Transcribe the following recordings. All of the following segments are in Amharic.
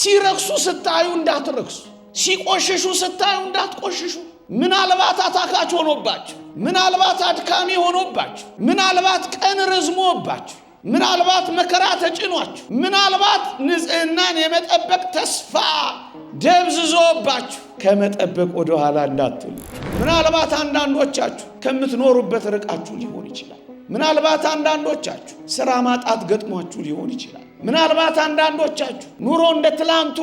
ሲረክሱ ስታዩ እንዳትረክሱ፣ ሲቆሽሹ ስታዩ እንዳትቆሽሹ። ምናልባት አታካች ሆኖባችሁ፣ ምናልባት አድካሚ ሆኖባችሁ፣ ምናልባት ቀን ረዝሞባችሁ፣ ምናልባት መከራ ተጭኗችሁ፣ ምናልባት ንጽህናን የመጠበቅ ተስፋ ደብዝዞባችሁ ከመጠበቅ ወደ ኋላ እንዳትሉ። ምናልባት አንዳንዶቻችሁ ከምትኖሩበት ርቃችሁ ሊሆን ይችላል። ምናልባት አንዳንዶቻችሁ ስራ ማጣት ገጥሟችሁ ሊሆን ይችላል። ምናልባት አንዳንዶቻችሁ ኑሮ እንደ ትላንቱ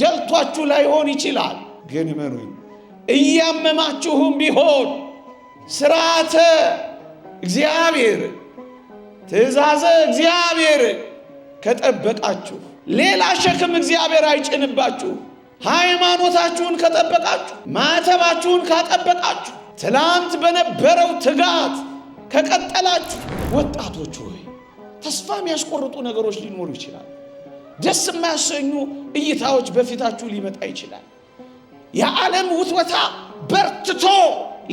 ደልቷችሁ ላይሆን ይችላል። ግን እመኑኝ እያመማችሁም ቢሆን ስርዓተ እግዚአብሔር ትእዛዘ እግዚአብሔር ከጠበቃችሁ ሌላ ሸክም እግዚአብሔር አይጭንባችሁ። ሃይማኖታችሁን ከጠበቃችሁ፣ ማተባችሁን ካጠበቃችሁ፣ ትላንት በነበረው ትጋት ከቀጠላችሁ ወጣቶች ተስፋ የሚያስቆርጡ ነገሮች ሊኖሩ ይችላል። ደስ የማያሰኙ እይታዎች በፊታችሁ ሊመጣ ይችላል። የዓለም ውትወታ በርትቶ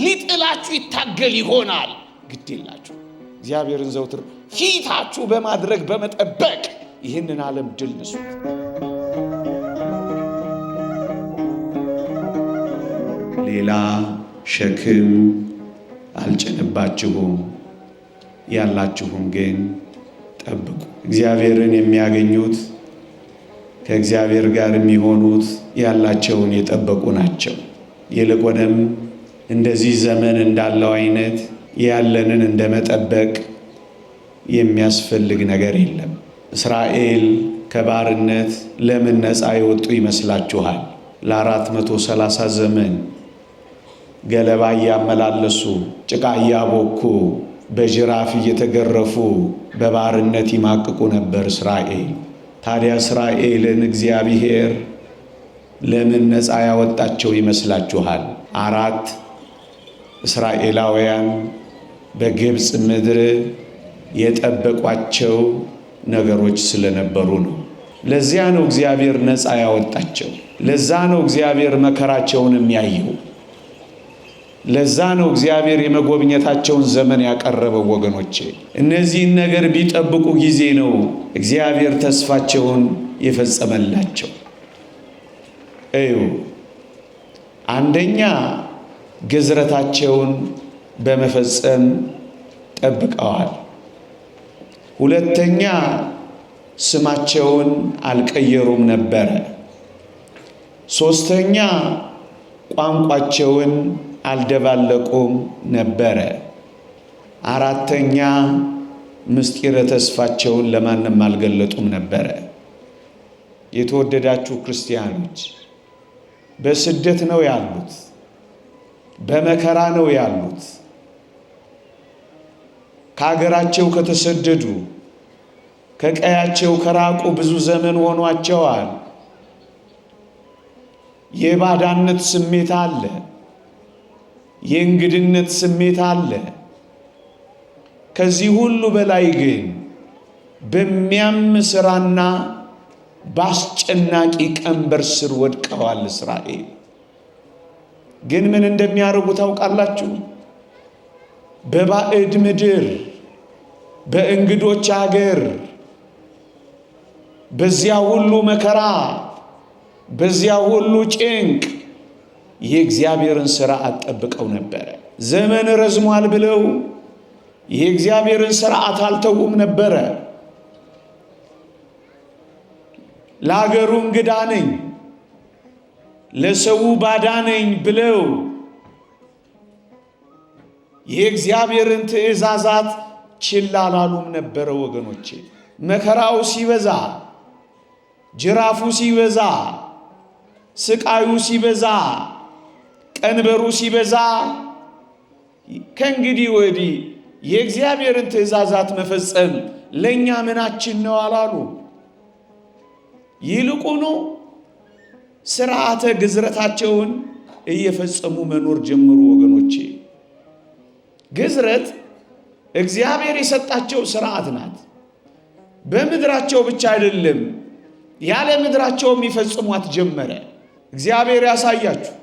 ሊጥላችሁ ይታገል ይሆናል። ግዴላችሁ እግዚአብሔርን ዘውትር ፊታችሁ በማድረግ በመጠበቅ ይህንን ዓለም ድል ንሱት። ሌላ ሸክም አልጭንባችሁም፣ ያላችሁም ግን ጠብቁ። እግዚአብሔርን የሚያገኙት ከእግዚአብሔር ጋር የሚሆኑት ያላቸውን የጠበቁ ናቸው። ይልቁንም እንደዚህ ዘመን እንዳለው አይነት ያለንን እንደ መጠበቅ የሚያስፈልግ ነገር የለም። እስራኤል ከባርነት ለምን ነፃ የወጡ ይመስላችኋል? ለአራት መቶ ሰላሳ ዘመን ገለባ እያመላለሱ ጭቃ እያቦኩ በጅራፍ እየተገረፉ በባርነት ይማቅቁ ነበር እስራኤል። ታዲያ እስራኤልን እግዚአብሔር ለምን ነፃ ያወጣቸው ይመስላችኋል? አራት እስራኤላውያን በግብፅ ምድር የጠበቋቸው ነገሮች ስለነበሩ ነው። ለዚያ ነው እግዚአብሔር ነፃ ያወጣቸው። ለዛ ነው እግዚአብሔር መከራቸውን የሚያየው። ለዛ ነው እግዚአብሔር የመጎብኘታቸውን ዘመን ያቀረበው። ወገኖቼ እነዚህን ነገር ቢጠብቁ ጊዜ ነው እግዚአብሔር ተስፋቸውን የፈጸመላቸው። እዩ አንደኛ ግዝረታቸውን በመፈጸም ጠብቀዋል። ሁለተኛ ስማቸውን አልቀየሩም ነበረ። ሦስተኛ ቋንቋቸውን አልደባለቁም ነበረ። አራተኛ ምስጢረ ተስፋቸውን ለማንም አልገለጡም ነበረ። የተወደዳችሁ ክርስቲያኖች በስደት ነው ያሉት፣ በመከራ ነው ያሉት። ከሀገራቸው ከተሰደዱ ከቀያቸው ከራቁ ብዙ ዘመን ሆኗቸዋል። የባዳነት ስሜት አለ። የእንግድነት ስሜት አለ። ከዚህ ሁሉ በላይ ግን በሚያም ስራና በአስጨናቂ ቀንበር ስር ወድቀዋል። እስራኤል ግን ምን እንደሚያደርጉ ታውቃላችሁ? በባዕድ ምድር፣ በእንግዶች አገር፣ በዚያ ሁሉ መከራ፣ በዚያ ሁሉ ጭንቅ የእግዚአብሔርን ሥራ አጠብቀው ነበረ። ዘመን ረዝሟል ብለው የእግዚአብሔርን ሥርዓት አልተውም ነበረ። ለአገሩ እንግዳ ነኝ፣ ለሰው ባዳ ነኝ ብለው የእግዚአብሔርን ትእዛዛት ችላ አላሉም ነበረ። ወገኖቼ መከራው ሲበዛ፣ ጅራፉ ሲበዛ፣ ስቃዩ ሲበዛ ቀንበሩ ሲበዛ ከእንግዲህ ወዲህ የእግዚአብሔርን ትእዛዛት መፈጸም ለእኛ ምናችን ነው አላሉ። ይልቁኑ ስርዓተ ግዝረታቸውን እየፈጸሙ መኖር ጀምሩ ወገኖቼ ግዝረት እግዚአብሔር የሰጣቸው ስርዓት ናት። በምድራቸው ብቻ አይደለም፣ ያለ ምድራቸውም ይፈጽሟት ጀመረ። እግዚአብሔር ያሳያችሁ።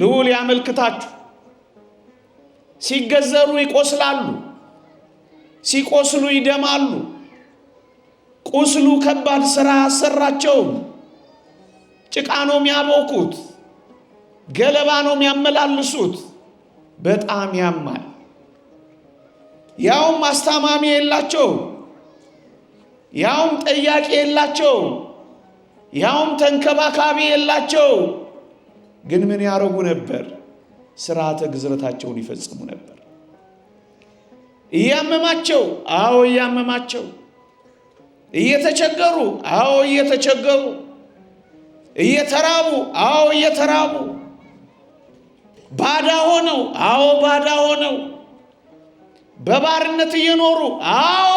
ልዑል ያመልክታችሁ። ሲገዘሩ ይቆስላሉ፣ ሲቆስሉ ይደማሉ። ቁስሉ ከባድ ሥራ አሰራቸውም። ጭቃ ነው የሚያቦኩት፣ ገለባ ነው የሚያመላልሱት። በጣም ያማል። ያውም አስታማሚ የላቸው፣ ያውም ጠያቂ የላቸው፣ ያውም ተንከባካቢ የላቸው። ግን ምን ያደረጉ ነበር? ስርዓተ ግዝረታቸውን ይፈጽሙ ነበር። እያመማቸው፣ አዎ እያመማቸው፣ እየተቸገሩ፣ አዎ እየተቸገሩ፣ እየተራቡ፣ አዎ እየተራቡ፣ ባዳ ሆነው፣ አዎ ባዳ ሆነው፣ በባርነት እየኖሩ፣ አዎ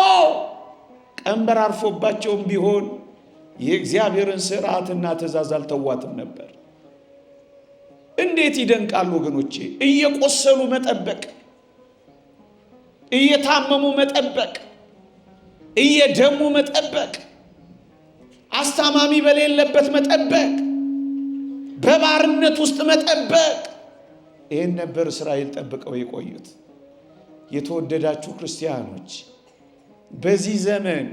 ቀንበር አርፎባቸውም ቢሆን የእግዚአብሔርን ስርዓትና ትእዛዝ አልተዋትም ነበር። እንዴት ይደንቃል ወገኖቼ! እየቆሰሉ መጠበቅ፣ እየታመሙ መጠበቅ፣ እየደሙ መጠበቅ፣ አስታማሚ በሌለበት መጠበቅ፣ በባርነት ውስጥ መጠበቅ። ይህን ነበር እስራኤል ጠብቀው የቆዩት። የተወደዳችሁ ክርስቲያኖች በዚህ ዘመን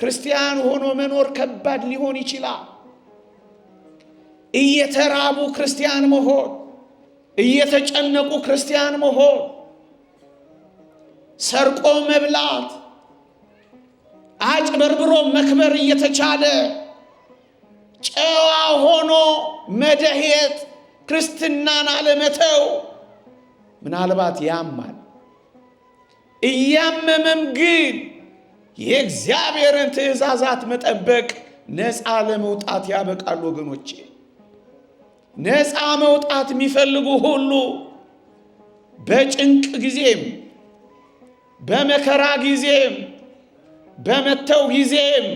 ክርስቲያን ሆኖ መኖር ከባድ ሊሆን ይችላል። እየተራቡ ክርስቲያን መሆን፣ እየተጨነቁ ክርስቲያን መሆን፣ ሰርቆ መብላት፣ አጭበርብሮ መክበር እየተቻለ ጨዋ ሆኖ መደሄት፣ ክርስትናን አለመተው ምናልባት ያማል። እያመመም ግን የእግዚአብሔርን ትእዛዛት መጠበቅ ነፃ ለመውጣት ያበቃሉ ወገኖቼ። ነፃ መውጣት የሚፈልጉ ሁሉ በጭንቅ ጊዜም በመከራ ጊዜም በመተው ጊዜም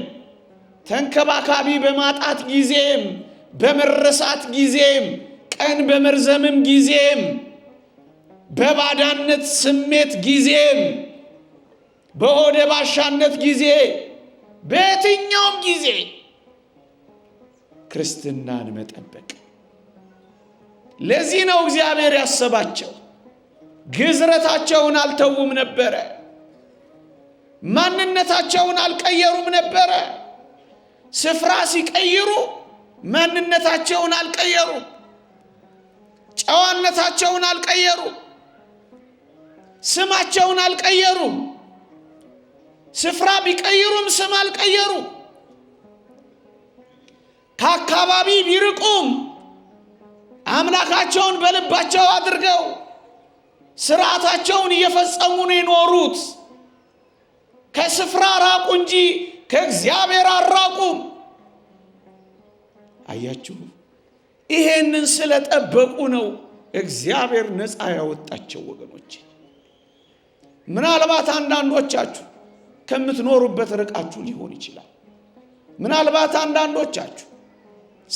ተንከባካቢ በማጣት ጊዜም በመረሳት ጊዜም ቀን በመርዘምም ጊዜም በባዳነት ስሜት ጊዜም በሆደ ባሻነት ጊዜ በየትኛውም ጊዜ ክርስትናን መጠበቅ ለዚህ ነው እግዚአብሔር ያሰባቸው። ግዝረታቸውን አልተዉም ነበረ። ማንነታቸውን አልቀየሩም ነበረ። ስፍራ ሲቀይሩ ማንነታቸውን አልቀየሩም። ጨዋነታቸውን አልቀየሩም። ስማቸውን አልቀየሩም። ስፍራ ቢቀይሩም ስም አልቀየሩም። ከአካባቢ ቢርቁም አምላካቸውን በልባቸው አድርገው ስርዓታቸውን እየፈጸሙ ነው የኖሩት። ከስፍራ ራቁ እንጂ ከእግዚአብሔር አራቁም። አያችሁ፣ ይሄንን ስለጠበቁ ነው እግዚአብሔር ነፃ ያወጣቸው ወገኖች። ምናልባት አንዳንዶቻችሁ ከምትኖሩበት ርቃችሁ ሊሆን ይችላል። ምናልባት አንዳንዶቻችሁ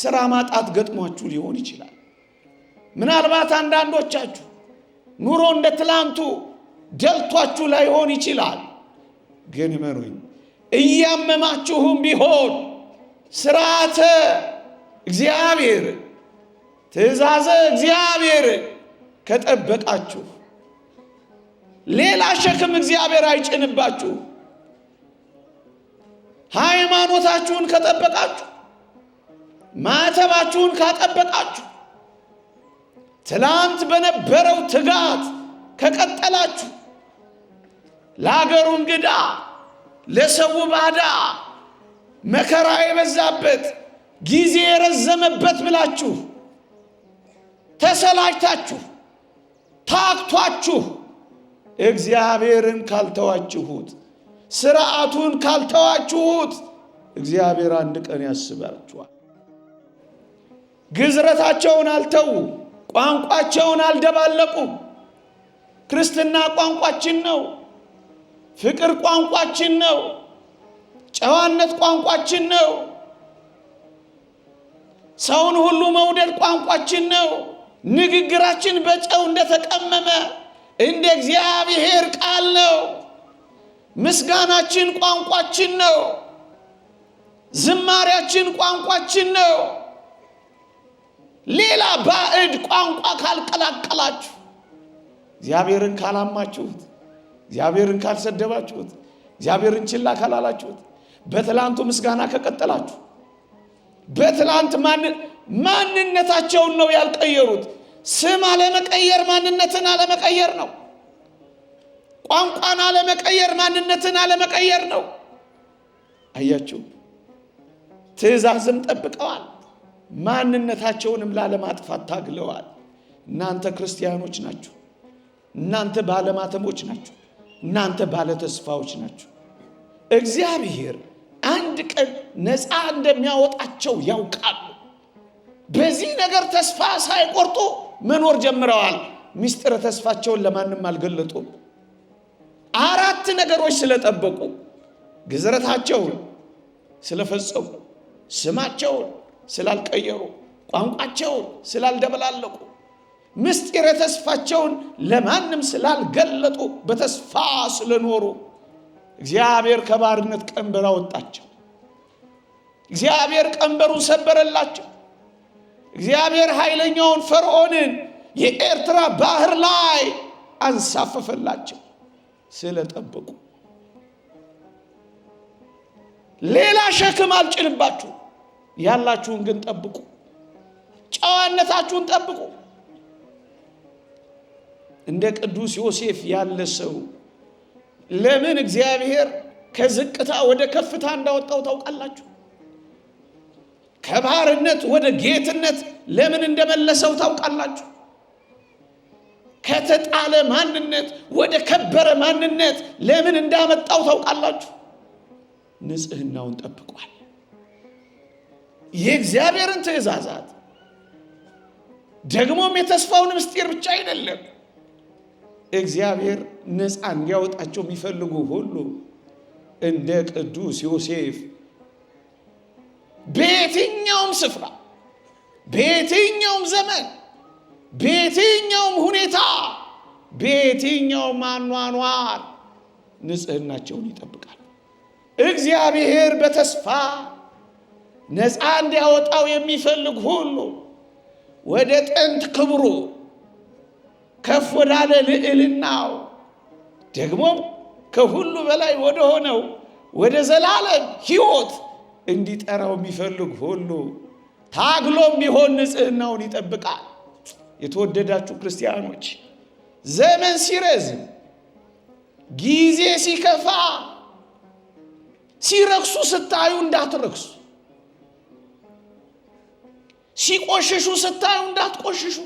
ስራ ማጣት ገጥሟችሁ ሊሆን ይችላል። ምናልባት አንዳንዶቻችሁ ኑሮ እንደ ትላንቱ ደልቷችሁ ላይሆን ይችላል። ግን እመኑኝ እያመማችሁም ቢሆን ስርዓተ እግዚአብሔር፣ ትእዛዘ እግዚአብሔር ከጠበቃችሁ ሌላ ሸክም እግዚአብሔር አይጭንባችሁ። ሃይማኖታችሁን ከጠበቃችሁ፣ ማተባችሁን ካጠበቃችሁ ትላንት በነበረው ትጋት ከቀጠላችሁ ለአገሩ እንግዳ፣ ለሰው ባዳ፣ መከራ የበዛበት ጊዜ የረዘመበት ብላችሁ ተሰላጅታችሁ ታክቷችሁ እግዚአብሔርን ካልተዋችሁት ስርዓቱን ካልተዋችሁት እግዚአብሔር አንድ ቀን ያስባችኋል። ግዝረታቸውን አልተዉ። ቋንቋቸውን አልደባለቁም። ክርስትና ቋንቋችን ነው። ፍቅር ቋንቋችን ነው። ጨዋነት ቋንቋችን ነው። ሰውን ሁሉ መውደድ ቋንቋችን ነው። ንግግራችን በጨው እንደተቀመመ እንደ እግዚአብሔር ቃል ነው። ምስጋናችን ቋንቋችን ነው። ዝማሪያችን ቋንቋችን ነው። ሌላ ባዕድ ቋንቋ ካልቀላቀላችሁ፣ እግዚአብሔርን ካላማችሁት፣ እግዚአብሔርን ካልሰደባችሁት፣ እግዚአብሔርን ችላ ካላላችሁት፣ በትላንቱ ምስጋና ከቀጠላችሁ፣ በትላንት ማንነታቸውን ነው ያልቀየሩት። ስም አለመቀየር ማንነትን አለመቀየር ነው። ቋንቋን አለመቀየር ማንነትን አለመቀየር ነው። አያችሁ፣ ትእዛዝም ጠብቀዋል። ማንነታቸውንም ላለማጥፋት ታግለዋል። እናንተ ክርስቲያኖች ናችሁ። እናንተ ባለማተሞች ናችሁ። እናንተ ባለተስፋዎች ናችሁ። እግዚአብሔር አንድ ቀን ነፃ እንደሚያወጣቸው ያውቃሉ። በዚህ ነገር ተስፋ ሳይቆርጡ መኖር ጀምረዋል። ሚስጥረ ተስፋቸውን ለማንም አልገለጡም። አራት ነገሮች ስለጠበቁ፣ ግዝረታቸውን ስለፈጸሙ፣ ስማቸውን ስላልቀየሩ፣ ቋንቋቸውን ስላልደበላለቁ፣ ምስጢረ ተስፋቸውን ለማንም ስላልገለጡ በተስፋ ስለኖሩ እግዚአብሔር ከባርነት ቀንበር አወጣቸው። እግዚአብሔር ቀንበሩን ሰበረላቸው። እግዚአብሔር ኃይለኛውን ፈርዖንን የኤርትራ ባህር ላይ አንሳፈፈላቸው ስለጠበቁ። ሌላ ሸክም አልጭንባችሁ ያላችሁን ግን ጠብቁ፣ ጨዋነታችሁን ጠብቁ። እንደ ቅዱስ ዮሴፍ ያለ ሰው ለምን እግዚአብሔር ከዝቅታ ወደ ከፍታ እንዳወጣው ታውቃላችሁ? ከባርነት ወደ ጌትነት ለምን እንደመለሰው ታውቃላችሁ? ከተጣለ ማንነት ወደ ከበረ ማንነት ለምን እንዳመጣው ታውቃላችሁ? ንጽህናውን ጠብቋል። የእግዚአብሔርን ትእዛዛት ደግሞም የተስፋውን ምስጢር ብቻ አይደለም እግዚአብሔር ነፃ እንዲያወጣቸው የሚፈልጉ ሁሉ እንደ ቅዱስ ዮሴፍ በየትኛውም ስፍራ፣ በየትኛውም ዘመን፣ በየትኛውም ሁኔታ፣ በየትኛውም አኗኗር ንጽህናቸውን ይጠብቃል። እግዚአብሔር በተስፋ ነፃ እንዲያወጣው የሚፈልግ ሁሉ ወደ ጥንት ክብሩ ከፍ ወዳለ ልዕልናው ደግሞም ከሁሉ በላይ ወደ ሆነው ወደ ዘላለም ሕይወት እንዲጠራው የሚፈልግ ሁሉ ታግሎም ቢሆን ንጽህናውን ይጠብቃል። የተወደዳችሁ ክርስቲያኖች፣ ዘመን ሲረዝም፣ ጊዜ ሲከፋ፣ ሲረክሱ ስታዩ እንዳትረክሱ ሲቆሽሹ ስታዩ እንዳትቆሽሹ።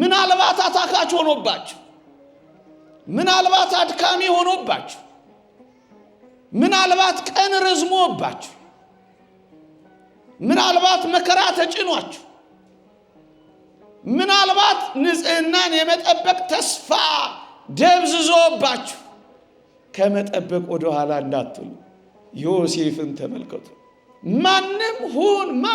ምናልባት አታካች ሆኖባችሁ፣ ምናልባት አድካሚ ሆኖባችሁ፣ ምናልባት ቀን ረዝሞባችሁ፣ ምናልባት መከራ ተጭኗችሁ፣ ምናልባት ንጽህናን የመጠበቅ ተስፋ ደብዝዞባችሁ ከመጠበቅ ወደኋላ እንዳትሉ ዮሴፍን ተመልከቱ። ማንም ሁን ማ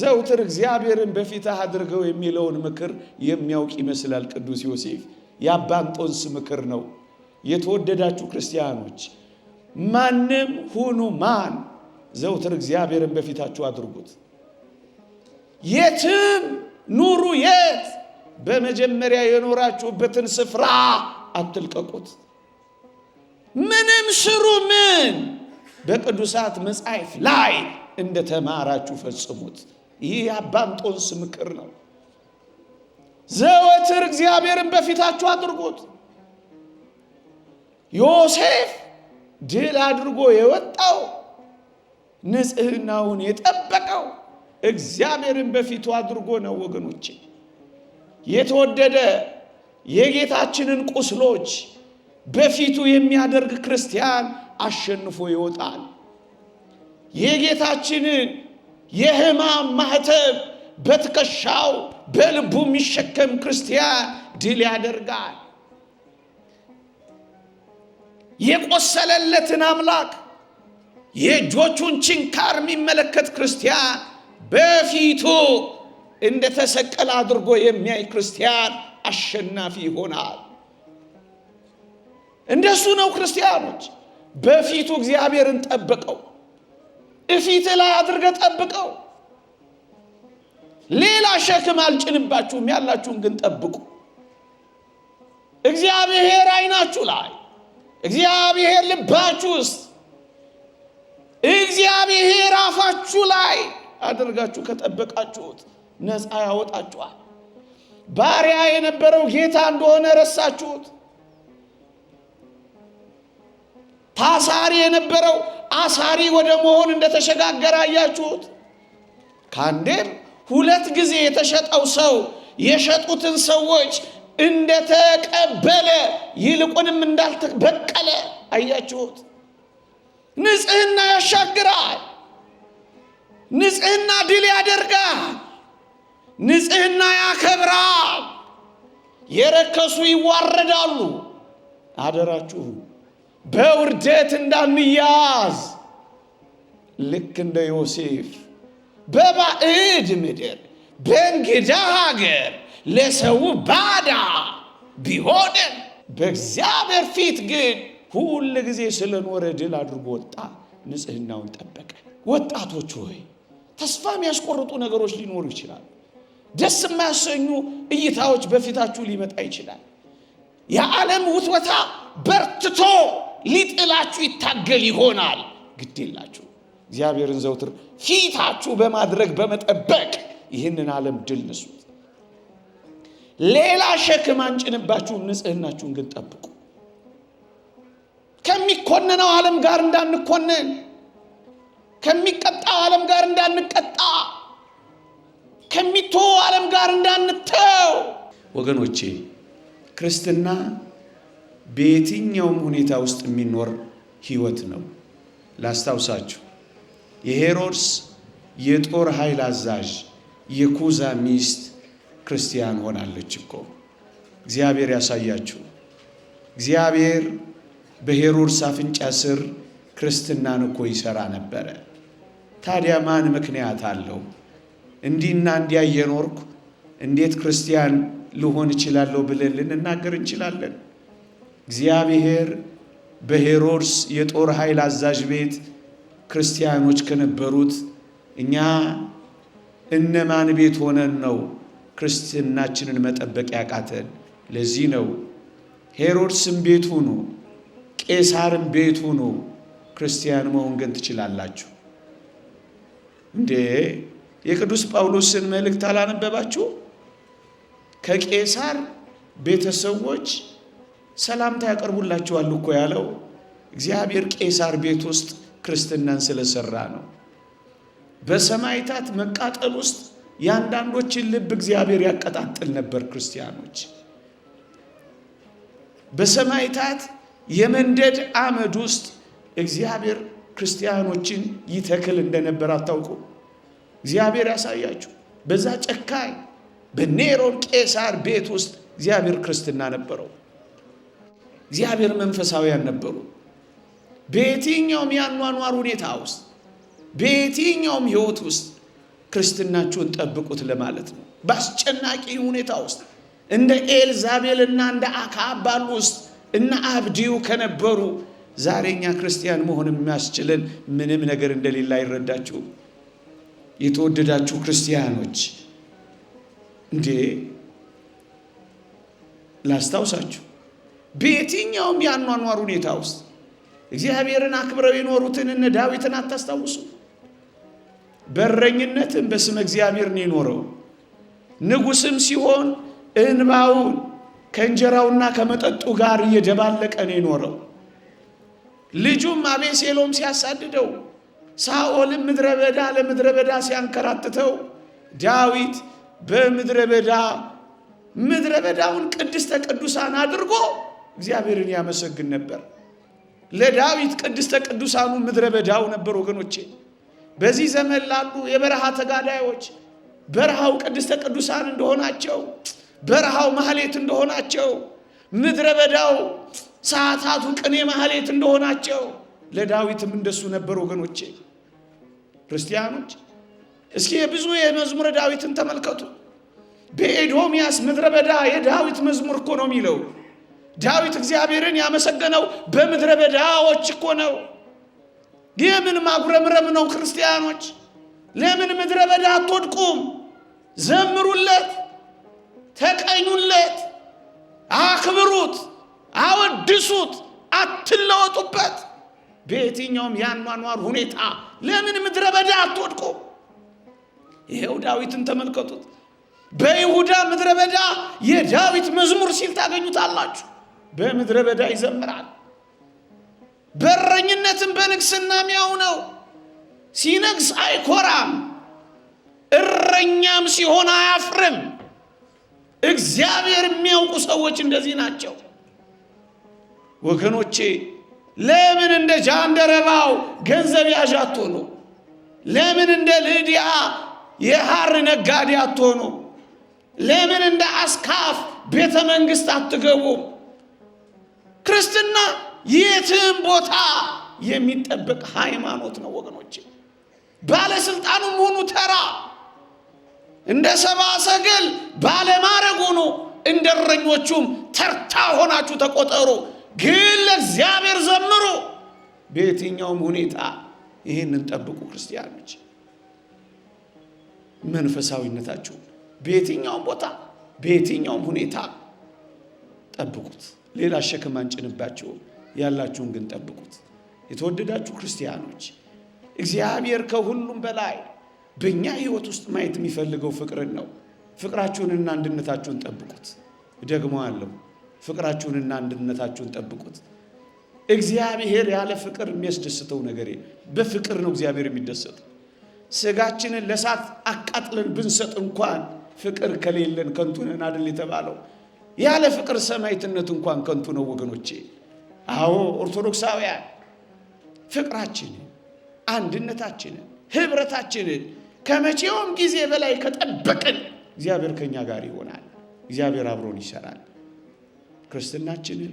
ዘውትር እግዚአብሔርን በፊትህ አድርገው የሚለውን ምክር የሚያውቅ ይመስላል ቅዱስ ዮሴፍ። የአባንጦንስ ምክር ነው። የተወደዳችሁ ክርስቲያኖች ማንም ሁኑ ማን ዘውትር እግዚአብሔርን በፊታችሁ አድርጉት። የትም ኑሩ የት በመጀመሪያ የኖራችሁበትን ስፍራ አትልቀቁት። ምንም ስሩ ምን በቅዱሳት መጻሕፍት ላይ እንደ ተማራችሁ ፈጽሙት። ይህ የአባምጦንስ ምክር ነው። ዘወትር እግዚአብሔርን በፊታችሁ አድርጉት። ዮሴፍ ድል አድርጎ የወጣው ንጽህናውን የጠበቀው እግዚአብሔርን በፊቱ አድርጎ ነው። ወገኖች የተወደደ የጌታችንን ቁስሎች በፊቱ የሚያደርግ ክርስቲያን አሸንፎ ይወጣል። የጌታችንን የሕማም ማህተብ በትከሻው በልቡ የሚሸከም ክርስቲያን ድል ያደርጋል። የቆሰለለትን አምላክ የእጆቹን ችንካር የሚመለከት ክርስቲያን በፊቱ እንደተሰቀለ አድርጎ የሚያይ ክርስቲያን አሸናፊ ይሆናል። እንደሱ ነው ክርስቲያኖች። በፊቱ እግዚአብሔርን ጠበቀው። እፊት ላይ አድርገ ጠብቀው። ሌላ ሸክም አልጭንባችሁም፣ ያላችሁን ግን ጠብቁ። እግዚአብሔር አይናችሁ ላይ፣ እግዚአብሔር ልባችሁ ውስጥ፣ እግዚአብሔር አፋችሁ ላይ አድርጋችሁ ከጠበቃችሁት ነፃ ያወጣችኋል። ባሪያ የነበረው ጌታ እንደሆነ ረሳችሁት። ታሳሪ የነበረው አሳሪ ወደ መሆን እንደተሸጋገረ አያችሁት። ከአንዴም ሁለት ጊዜ የተሸጠው ሰው የሸጡትን ሰዎች እንደተቀበለ ይልቁንም እንዳልተበቀለ አያችሁት። ንጽህና ያሻግራል። ንጽህና ድል ያደርጋል። ንጽህና ያከብራል። የረከሱ ይዋረዳሉ። አደራችሁ በውርደት እንዳንያዝ ልክ እንደ ዮሴፍ በባዕድ ምድር በእንግዳ ሀገር ለሰው ባዳ ቢሆንም በእግዚአብሔር ፊት ግን ሁል ጊዜ ስለኖረ ድል አድርጎ ወጣ፣ ንጽህናውን ጠበቀ። ወጣቶች ሆይ ተስፋ የሚያስቆርጡ ነገሮች ሊኖሩ ይችላሉ። ደስ የማያሰኙ እይታዎች በፊታችሁ ሊመጣ ይችላል። የዓለም ውትወታ በርትቶ ሊጥላችሁ ይታገል ይሆናል። ግድ የላችሁ እግዚአብሔርን ዘውትር ፊታችሁ በማድረግ በመጠበቅ ይህንን ዓለም ድል ንሱት። ሌላ ሸክም አንጭንባችሁ፣ ንጽህናችሁን ግን ጠብቁ። ከሚኮነነው ዓለም ጋር እንዳንኮነን፣ ከሚቀጣው ዓለም ጋር እንዳንቀጣ፣ ከሚቶ ዓለም ጋር እንዳንተው። ወገኖቼ ክርስትና በየትኛውም ሁኔታ ውስጥ የሚኖር ህይወት ነው። ላስታውሳችሁ የሄሮድስ የጦር ኃይል አዛዥ የኩዛ ሚስት ክርስቲያን ሆናለች እኮ። እግዚአብሔር ያሳያችሁ። እግዚአብሔር በሄሮድስ አፍንጫ ስር ክርስትናን እኮ ይሰራ ነበረ። ታዲያ ማን ምክንያት አለው? እንዲህና እንዲያ እየኖርኩ እንዴት ክርስቲያን ልሆን እችላለሁ ብለን ልንናገር እንችላለን? እግዚአብሔር በሄሮድስ የጦር ኃይል አዛዥ ቤት ክርስቲያኖች ከነበሩት እኛ እነማን ቤት ሆነን ነው ክርስትናችንን መጠበቅ ያቃተን? ለዚህ ነው ሄሮድስም ቤት ሁኑ፣ ቄሳርም ቤት ሁኑ፣ ክርስቲያን መሆን ግን ትችላላችሁ እንዴ? የቅዱስ ጳውሎስን መልእክት አላነበባችሁ? ከቄሳር ቤተሰቦች ሰላምታ ያቀርቡላችኋል እኮ ያለው እግዚአብሔር ቄሳር ቤት ውስጥ ክርስትናን ስለሰራ ነው። በሰማይታት መቃጠል ውስጥ የአንዳንዶችን ልብ እግዚአብሔር ያቀጣጥል ነበር። ክርስቲያኖች በሰማይታት የመንደድ አመድ ውስጥ እግዚአብሔር ክርስቲያኖችን ይተክል እንደነበር አታውቁ? እግዚአብሔር ያሳያችሁ። በዛ ጨካኝ በኔሮን ቄሳር ቤት ውስጥ እግዚአብሔር ክርስትና ነበረው። እግዚአብሔር መንፈሳዊያን ነበሩ። በየትኛውም የአኗኗር ሁኔታ ውስጥ በየትኛውም ሕይወት ውስጥ ክርስትናችሁን ጠብቁት ለማለት ነው። በአስጨናቂ ሁኔታ ውስጥ እንደ ኤልዛቤልና እንደ አካብ ባሉ ውስጥ እና አብዲው ከነበሩ ዛሬኛ ክርስቲያን መሆን የሚያስችለን ምንም ነገር እንደሌለ አይረዳችሁ? የተወደዳችሁ ክርስቲያኖች እንዴ ላስታውሳችሁ በየትኛውም የአኗኗር ሁኔታ ውስጥ እግዚአብሔርን አክብረው የኖሩትን እነ ዳዊትን አታስታውሱ? በረኝነትን በስመ እግዚአብሔር ነው የኖረው። ንጉሥም ሲሆን እንባውን ከእንጀራውና ከመጠጡ ጋር እየደባለቀ ነው የኖረው። ልጁም አቤሴሎም ሲያሳድደው፣ ሳኦልም ምድረ በዳ ለምድረ በዳ ሲያንከራትተው፣ ዳዊት በምድረ በዳ ምድረ በዳውን ቅድስተ ቅዱሳን አድርጎ እግዚአብሔርን ያመሰግን ነበር። ለዳዊት ቅድስተ ቅዱሳኑ ምድረ በዳው ነበር። ወገኖቼ በዚህ ዘመን ላሉ የበረሃ ተጋዳዮች በረሃው ቅድስተ ቅዱሳን እንደሆናቸው፣ በረሃው ማህሌት እንደሆናቸው፣ ምድረ በዳው ሰዓታቱ ቅኔ ማህሌት እንደሆናቸው ለዳዊትም እንደሱ ነበር። ወገኖቼ ክርስቲያኖች እስኪ ብዙ የመዝሙረ ዳዊትን ተመልከቱ። በኤዶምያስ ምድረ በዳ የዳዊት መዝሙር እኮ ነው የሚለው ዳዊት እግዚአብሔርን ያመሰገነው በምድረ በዳዎች እኮ ነው። የምን ማጉረምረም ነው? ክርስቲያኖች ለምን ምድረ በዳ አትወድቁም? ዘምሩለት፣ ተቀኙለት፣ አክብሩት፣ አወድሱት፣ አትለወጡበት። በየትኛውም የአኗኗር ሁኔታ ለምን ምድረ በዳ አትወድቁም? ይሄው ዳዊትን ተመልከቱት። በይሁዳ ምድረ በዳ የዳዊት መዝሙር ሲል ታገኙታላችሁ። በምድረ በዳ ይዘምራል። በረኝነትን በንግስና ሚያው ነው። ሲነግስ አይኮራም፣ እረኛም ሲሆን አያፍርም። እግዚአብሔር የሚያውቁ ሰዎች እንደዚህ ናቸው ወገኖቼ። ለምን እንደ ጃንደረባው ገንዘብ ያዥ አትሆኑ? ለምን እንደ ልድያ የሐር ነጋዴ አትሆኑ? ለምን እንደ አስካፍ ቤተ መንግሥት አትገቡም? ክርስትና የትም ቦታ የሚጠበቅ ሃይማኖት ነው ወገኖች። ባለስልጣኑም ሆኑ ተራ እንደ ሰባ ሰገል ባለማድረግ ሆኖ እንደ እረኞቹም ተርታ ሆናችሁ ተቆጠሩ፣ ግን ለእግዚአብሔር ዘምሩ። በየትኛውም ሁኔታ ይህንን ጠብቁ ክርስቲያኖች፣ መንፈሳዊነታችሁ በየትኛውም ቦታ በየትኛውም ሁኔታ ጠብቁት። ሌላ ሸክም አንጭንባቸውም። ያላችሁን ግን ጠብቁት። የተወደዳችሁ ክርስቲያኖች እግዚአብሔር ከሁሉም በላይ በእኛ ሕይወት ውስጥ ማየት የሚፈልገው ፍቅርን ነው። ፍቅራችሁንና አንድነታችሁን ጠብቁት። ደግሞ አለው ፍቅራችሁንና አንድነታችሁን ጠብቁት። እግዚአብሔር ያለ ፍቅር የሚያስደስተው ነገር በፍቅር ነው። እግዚአብሔር የሚደሰት ስጋችንን ለእሳት አቃጥለን ብንሰጥ እንኳን ፍቅር ከሌለን ከንቱ ነን አይደል የተባለው። ያለ ፍቅር ሰማዕትነት እንኳን ከንቱ ነው ወገኖቼ። አዎ ኦርቶዶክሳውያን ፍቅራችንን፣ አንድነታችንን፣ ህብረታችንን ከመቼውም ጊዜ በላይ ከጠበቅን እግዚአብሔር ከኛ ጋር ይሆናል። እግዚአብሔር አብሮን ይሰራል። ክርስትናችንን፣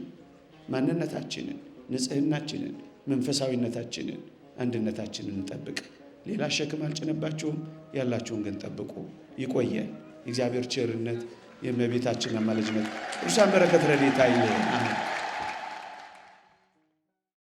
ማንነታችንን፣ ንጽህናችንን፣ መንፈሳዊነታችንን፣ አንድነታችንን እንጠብቅ። ሌላ ሸክም አልጭነባችሁም። ያላችሁን ግን ጠብቁ። ይቆየን። እግዚአብሔር ቸርነት የእመቤታችን አማላጅነት ቅዱሳን በረከት ረድኤታ